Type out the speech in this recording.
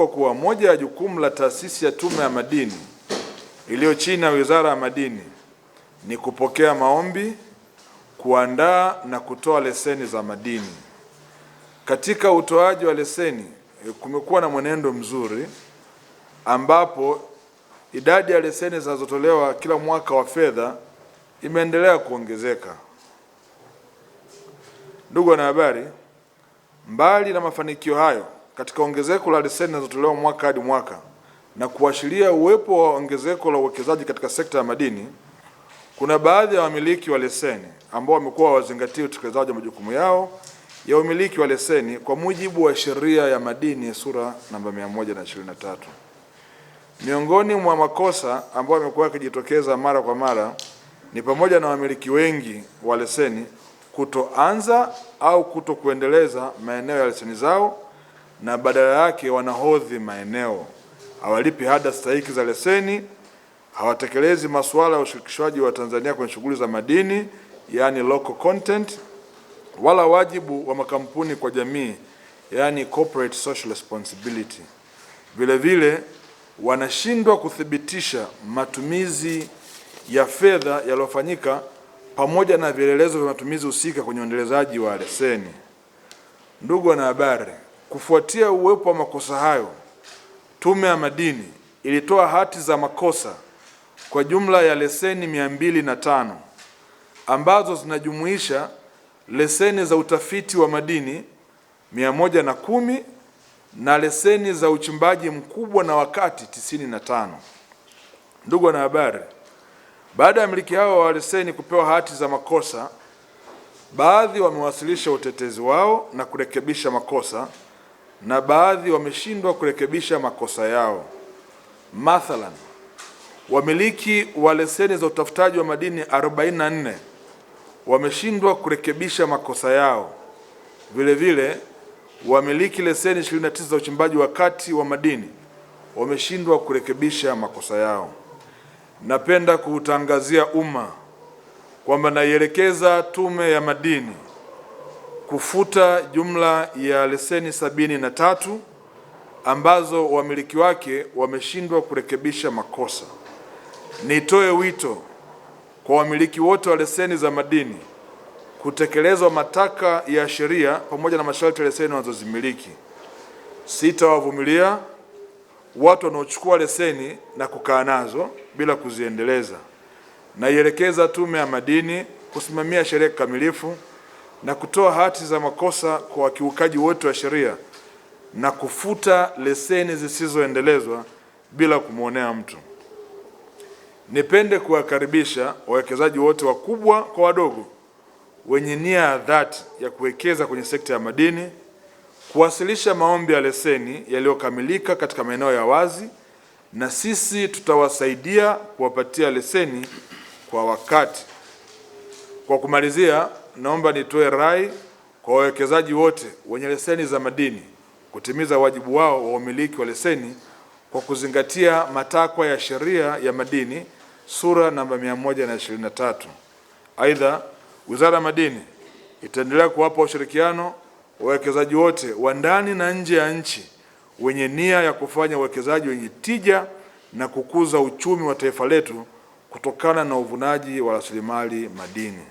itakumbukwa kuwa moja ya jukumu la taasisi ya Tume ya Madini iliyo chini ya Wizara ya Madini ni kupokea maombi, kuandaa na kutoa leseni za madini. Katika utoaji wa leseni eh, kumekuwa na mwenendo mzuri ambapo idadi ya leseni zinazotolewa kila mwaka wa fedha imeendelea kuongezeka. Ndugu wanahabari, mbali na mafanikio hayo katika ongezeko la leseni zinazotolewa mwaka hadi mwaka na kuashiria uwepo wa ongezeko la uwekezaji katika sekta ya madini, kuna baadhi ya wamiliki wa leseni ambao wamekuwa wazingatia utekelezaji wa majukumu yao ya umiliki wa leseni kwa mujibu wa sheria ya madini sura namba 123. Miongoni mwa makosa ambayo yamekuwa yakijitokeza mara kwa mara ni pamoja na wamiliki wengi wa leseni kutoanza au kutokuendeleza maeneo ya leseni zao na badala yake wanahodhi maeneo, hawalipi ada stahiki za leseni, hawatekelezi masuala ya ushirikishwaji wa Tanzania kwenye shughuli za madini, yani local content, wala wajibu wa makampuni kwa jamii, yani corporate social responsibility. Vile vile wanashindwa kuthibitisha matumizi ya fedha yaliyofanyika pamoja na vielelezo vya matumizi husika kwenye uendelezaji wa leseni. Ndugu wanahabari, Kufuatia uwepo wa makosa hayo, Tume ya Madini ilitoa hati za makosa kwa jumla ya leseni mia mbili na tano ambazo zinajumuisha leseni za utafiti wa madini mia moja na kumi na leseni za uchimbaji mkubwa na wakati tisini na tano. Ndugu wanahabari, baada ya miliki hao wa leseni kupewa hati za makosa, baadhi wamewasilisha utetezi wao na kurekebisha makosa na baadhi wameshindwa kurekebisha makosa yao. Mathalan, wamiliki wa leseni za utafutaji wa madini 44 wameshindwa kurekebisha makosa yao. Vile vile wamiliki leseni 29 za uchimbaji wa kati wa madini wameshindwa kurekebisha makosa yao. Napenda kuutangazia umma kwamba naielekeza Tume ya Madini kufuta jumla ya leseni sabini na tatu ambazo wamiliki wake wameshindwa kurekebisha makosa. Nitoe wito kwa wamiliki wote wa leseni za madini kutekelezwa mataka ya sheria pamoja na masharti ya leseni wanazozimiliki. Sitawavumilia watu wanaochukua leseni na kukaa nazo bila kuziendeleza. Naielekeza Tume ya Madini kusimamia sheria kikamilifu na kutoa hati za makosa kwa wakiukaji wote wa sheria na kufuta leseni zisizoendelezwa bila kumwonea mtu. Nipende kuwakaribisha wawekezaji wote wakubwa kwa wadogo wenye nia ya dhati ya kuwekeza kwenye sekta ya madini kuwasilisha maombi ya leseni yaliyokamilika katika maeneo ya wazi, na sisi tutawasaidia kuwapatia leseni kwa wakati. Kwa kumalizia naomba nitoe rai kwa wawekezaji wote wenye leseni za madini kutimiza wajibu wao wa umiliki wa leseni kwa kuzingatia matakwa ya sheria ya madini sura namba 123. Aidha, Wizara ya Madini itaendelea kuwapa ushirikiano wawekezaji wote wa ndani na nje ya nchi wenye nia ya kufanya uwekezaji wenye tija na kukuza uchumi wa taifa letu kutokana na uvunaji wa rasilimali madini.